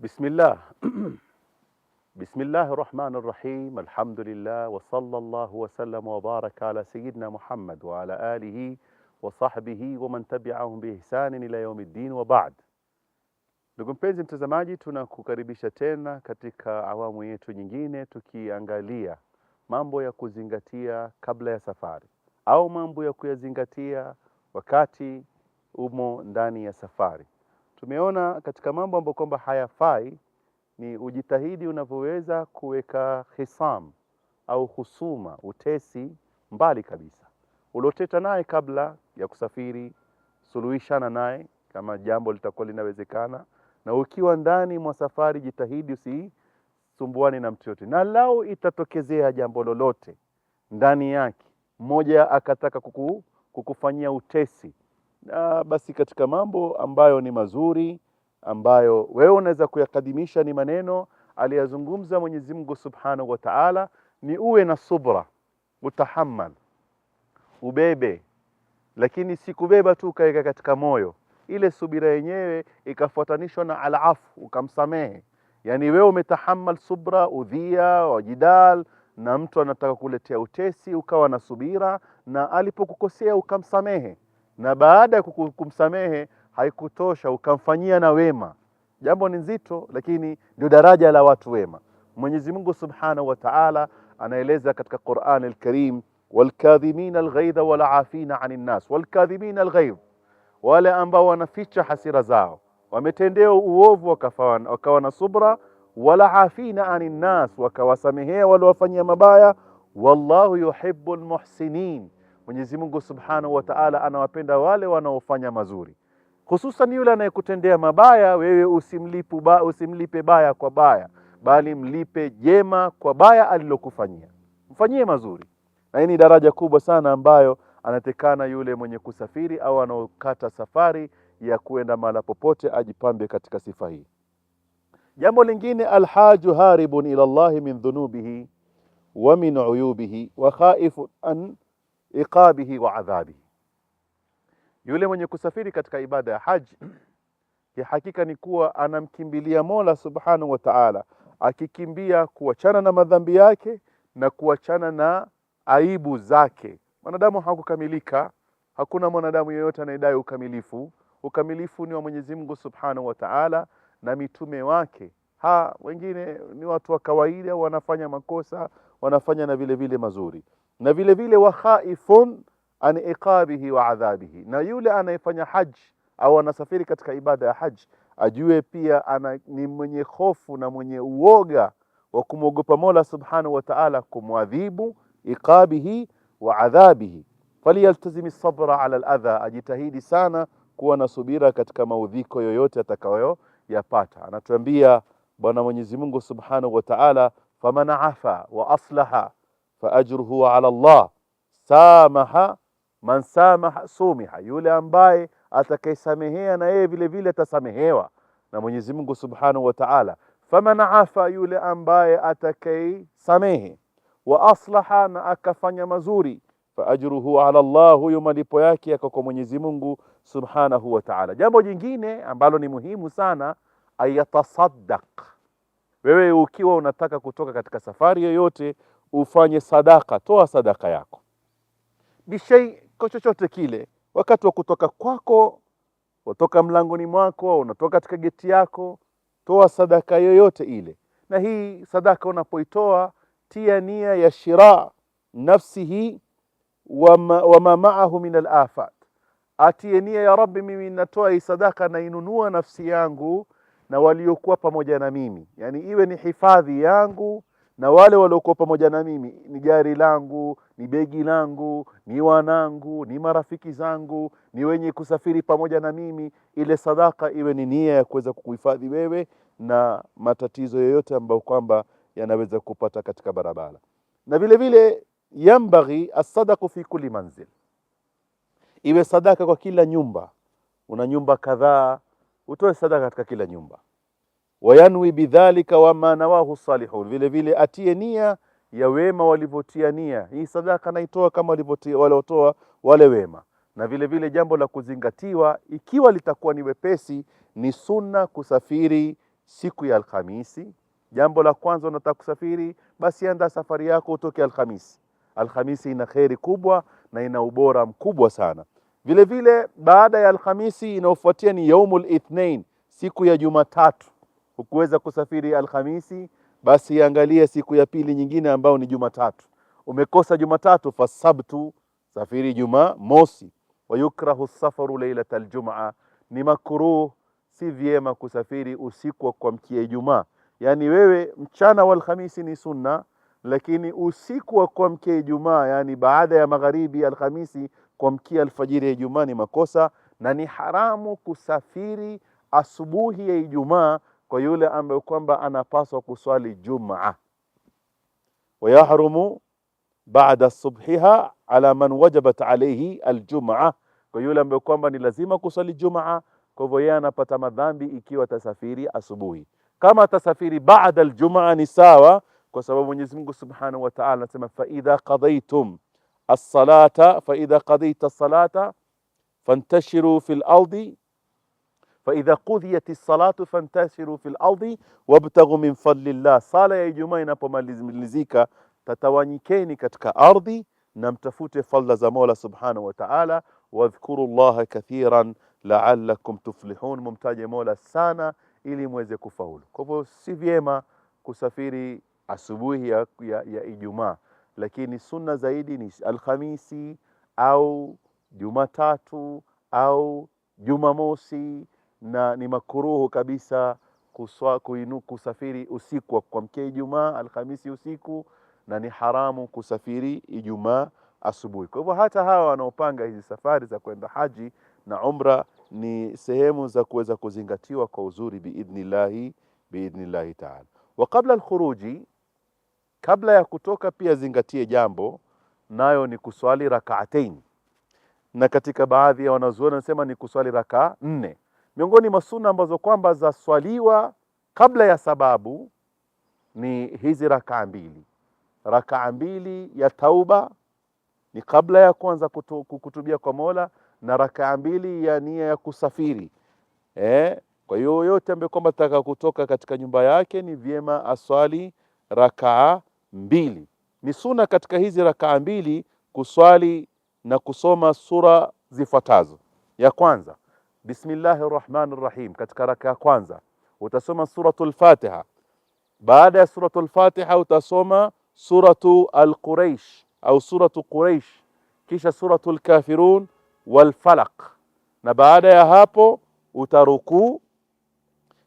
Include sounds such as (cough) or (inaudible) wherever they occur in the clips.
Bismillah, (clears throat) bismillahi rahmani rahim, alhamdulillah wa sallallahu wa sallam wa baraka ala sayidina Muhammad wa ala alihi wa sahbihi wa man tabi'ahum bi ihsanin ila yaumiddin wa ba'd. Ndugu mpenzi mtazamaji, tunakukaribisha tena katika awamu yetu nyingine tukiangalia mambo ya kuzingatia kabla ya safari au mambo ya kuyazingatia wakati umo ndani ya safari. Tumeona katika mambo ambayo kwamba hayafai ni ujitahidi unavyoweza kuweka hisam au husuma, utesi mbali kabisa. Ulioteta naye kabla ya kusafiri, suluhishana naye kama jambo litakuwa linawezekana, na ukiwa ndani mwa safari jitahidi usisumbuane na mtu yote, na lau itatokezea jambo lolote ndani yake, mmoja akataka kuku, kukufanyia utesi na ah, basi katika mambo ambayo ni mazuri ambayo wewe unaweza kuyakadimisha ni maneno aliyazungumza Mwenyezi Mungu Subhanahu wa Ta'ala, ni uwe na subra, utahammal, ubebe, lakini si kubeba tu ukaweka katika moyo. Ile subira yenyewe ikafuatanishwa na alafu, ukamsamehe. Yani wewe umetahammal subra, udhia wajidal, na mtu anataka kuletea utesi, ukawa na subira, na alipokukosea ukamsamehe na baada ya kumsamehe haikutosha ukamfanyia na wema. Jambo ni nzito, lakini ndio daraja la watu wema. Mwenyezi Mungu Subhanahu wa Ta'ala anaeleza katika Qur'an al-Karim, walkadhimina alghaidha walaafina anin nas, walkadhimina alghaidh, wale ambao wanaficha hasira zao, wametendewa uovu wakawa na subra, wala afina anin nas, wakawasamehea waliowafanyia mabaya, wallahu yuhibbul muhsinin Mwenyezi Mungu Subhanahu wa Ta'ala anawapenda wale wanaofanya mazuri, hususan yule anayekutendea mabaya wewe usimlipu ba, usimlipe baya kwa baya, bali mlipe jema kwa baya alilokufanyia, mfanyie mazuri. Na hii ni daraja kubwa sana ambayo anatekana yule mwenye kusafiri au anaokata safari ya kuenda mahala popote, ajipambe katika sifa hii. Jambo lingine, alhaju haribun ila llahi min dhunubihi wa min uyubihi wa khaifun an iqabihi wa adhabihi, yule mwenye kusafiri katika ibada ya haji hakika ni kuwa anamkimbilia Mola subhanahu wa Ta'ala, akikimbia kuachana na madhambi yake na kuachana na aibu zake. Mwanadamu hakukamilika, hakuna mwanadamu yeyote anayedai ukamilifu. Ukamilifu ni wa Mwenyezi Mungu subhanahu wa Ta'ala na mitume wake. Ha, wengine ni watu wa kawaida, wanafanya makosa, wanafanya na vile vile mazuri na vile vile wa khaifun an iqabihi wa adhabihi, na yule anayefanya haji au anasafiri katika ibada ya haji ajue pia ana, ni mwenye hofu na mwenye uoga wa kumwogopa Mola subhanahu wa ta'ala kumwadhibu iqabihi wa adhabihi. Falyaltazimi sabra ala aladha, ajitahidi sana kuwa na subira katika maudhiko yoyote atakayo yapata Anatuambia Bwana Mwenyezi Mungu subhanahu wa ta'ala, faman afa wa aslaha fa ajruhu ala Allah, samaha man samaha sumiha, yule ambaye atakayesamehea na yeye vile vile atasamehewa na Mwenyezi Mungu Subhanahu wa Ta'ala. Faman afa, yule ambaye atakayesamehe, wa aslaha, na akafanya mazuri, fa ajruhu ala Allah, huyo malipo yake yako kwa Mwenyezi Mungu Subhanahu wa Ta'ala. Jambo jingine ambalo ni muhimu sana, ayatasaddaq. Wewe ukiwa unataka kutoka katika safari yoyote ufanye sadaka, toa sadaka yako bishai kwa chochote kile, wakati wa kutoka kwako, watoka mlangoni mwako, unatoka katika geti yako, toa sadaka yoyote ile. Na hii sadaka unapoitoa, tia nia ya shira nafsihi wama, ma maahu min alafat, atie nia ya Rabbi, mimi natoa hii sadaka, nainunua nafsi yangu na waliokuwa pamoja na mimi, yani iwe ni hifadhi yangu na wale waliokuwa pamoja na mimi ni gari langu, ni begi langu, ni wanangu, ni marafiki zangu, ni wenye kusafiri pamoja na mimi. Ile sadaka iwe ni nia ya kuweza kukuhifadhi wewe na matatizo yoyote ambayo kwamba yanaweza kupata katika barabara. Na vile vile yambaghi asadaku fi kulli manzil, iwe sadaka kwa kila nyumba. Una nyumba kadhaa, utoe sadaka katika kila nyumba wayanwi bidhalika wama nawahu salihun, vile vile atie nia ya wema walivyotia nia. Hii sadaka naitoa kama waliotoa wale wema. Na vile vile jambo la kuzingatiwa, ikiwa litakuwa ni wepesi, ni sunna kusafiri siku ya Alhamisi. Jambo la kwanza, unataka kusafiri, basi anda safari yako utoke Alhamisi. Alhamisi ina kheri kubwa na ina ubora mkubwa sana. Vile vile baada ya Alhamisi inayofuatia ni yaumul ithnain, siku ya Jumatatu hukuweza kusafiri Alhamisi, basi angalia siku ya pili nyingine ambayo ni Jumatatu. Umekosa Jumatatu, fasabtu, safiri Juma mosi. Wayukrahu safaru lailata aljumaa, ni makruh, si vyema kusafiri usiku wa kuamkia Ijumaa. Yani wewe mchana wa Alhamisi ni sunna, lakini usiku wa kuamkia Ijumaa, yani baada ya magharibi Alhamisi kuamkia alfajiri ya Ijumaa ni makosa, na ni haramu kusafiri asubuhi ya Ijumaa kwa yule ambaye kwamba anapaswa kuswali Jumaa. Wayahrumu baada subhiha ala man wajabat alayhi aljumaa, kwa yule ambaye kwamba ni lazima kuswali Jumaa. Kwa hivyo yeye anapata madhambi ikiwa tasafiri asubuhi. Kama tasafiri baada aljumaa ni sawa, kwa sababu Mwenyezi Mungu Subhanahu wa Ta'ala anasema fa idha qadaytum as-salata fa idha qadayta as-salata fantashiru fil ardi faidha qudhiyat salatu fantashiru fil ardi wabtaghu min fadlillah, sala ya Ijumaa inapomalizika tatawanyikeni katika ardhi na mtafute fadla za Mola subhanahu wa ta'ala, wadhkuru llaha kathiran la'allakum tuflihun, mumtaje Mola sana ili mweze kufaulu. Kwa hivyo si vyema kusafiri asubuhi ya, ya, ya Ijumaa, lakini sunna zaidi ni Alhamisi au Jumatatu au Jumamosi na ni makuruhu kabisa kuswa, kuinu, kusafiri usiku wa kuamkia Ijumaa Alhamisi usiku na ni haramu kusafiri Ijumaa asubuhi. Kwa hivyo hata hawa wanaopanga hizi safari za kwenda haji na umra ni sehemu za kuweza kuzingatiwa kwa uzuri biidhnillahi biidhnillahi taala. Wa kabla alkhuruji, kabla ya kutoka pia zingatie jambo nayo ni kuswali rakaatain, na katika baadhi ya wanazuoni wanasema ni kuswali rakaa nne Miongoni mwa sunna ambazo kwamba zaswaliwa kabla ya sababu ni hizi rakaa mbili. Rakaa mbili ya tauba ni kabla ya kuanza kutu, kutubia kwa Mola, na rakaa mbili ya nia ya kusafiri eh. Kwa hiyo yote ambaye kwamba taka kutoka katika nyumba yake ni vyema aswali rakaa mbili. Ni suna katika hizi rakaa mbili kuswali na kusoma sura zifuatazo. Ya kwanza bismillahi rahmani rahim katika raka ya kwanza utasoma suratu lfatiha baada ya suratu lfatiha utasoma suratu alquraish au suratu quraish kisha suratu lkafirun walfalaq na baada ya hapo utarukuu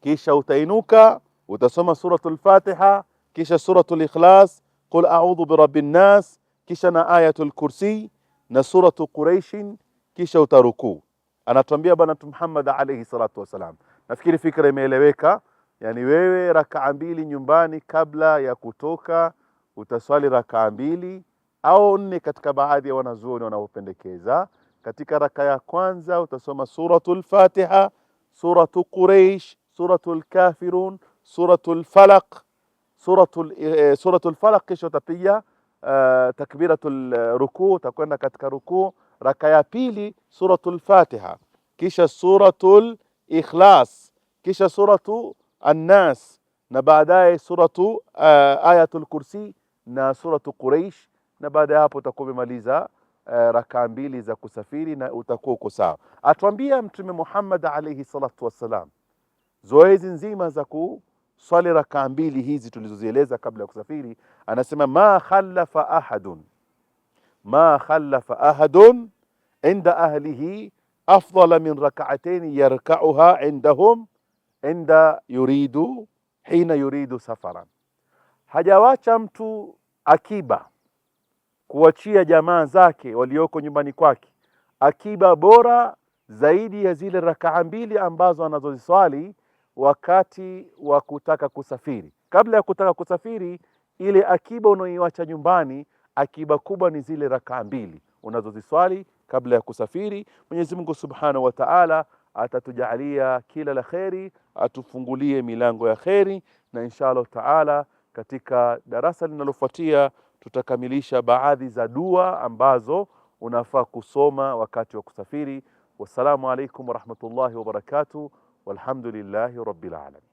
kisha utainuka utasoma suratu lfatiha kisha suratu likhlas qul audhu birabi nnas kisha na ayatu lkursiy na suratu quraishin kisha utarukuu anatuambia bwana Mtume Muhammad alayhi salatu wasalam. Nafikiri fikra imeeleweka. Yani wewe rakaa mbili nyumbani kabla ya kutoka utaswali rakaa mbili au nne, katika baadhi ya wanazuoni wanaopendekeza. Katika raka ya kwanza utasoma suratul Fatiha, suratu Quraish, suratul Kafirun, suratul Falaq, suratul eh, suratul Falaq, kisha utapiga uh, takbiratul uh, eh, rukuu, utakwenda katika rukuu raka ya pili suratul Fatiha, kisha suratul Ikhlas, kisha suratu Annas na baadaye suratu uh, Ayatul Kursi na suratu Quraish, na baada ya hapo utakuwa umemaliza uh, eh, rakaa mbili za kusafiri na utakuwa uko sawa. Atuambia Mtume Muhammad alayhi salatu wassalam, zoezi nzima za kuswali rakaa mbili hizi tulizozieleza kabla ya kusafiri, anasema ma khalafa ahadun ma khalafa ahadun inda ahlihi afdala min rak'atayn yarka'uha indahum inda yuridu hina yuridu safaran, hajawacha mtu akiba kuachia jamaa zake walioko nyumbani kwake akiba bora zaidi ya zile rakaa mbili ambazo anazoziswali wakati wa kutaka kusafiri. Kabla ya kutaka kusafiri, ile akiba unaoiwacha nyumbani akiba kubwa ni zile rakaa mbili unazoziswali kabla ya kusafiri. Mwenyezi Mungu Subhanahu wa Ta'ala atatujalia kila la kheri, atufungulie milango ya kheri, na inshallah taala katika darasa linalofuatia tutakamilisha baadhi za dua ambazo unafaa kusoma wakati wa kusafiri. Wassalamu alaikum warahmatullahi wabarakatuh, walhamdulillahi rabbil alamin.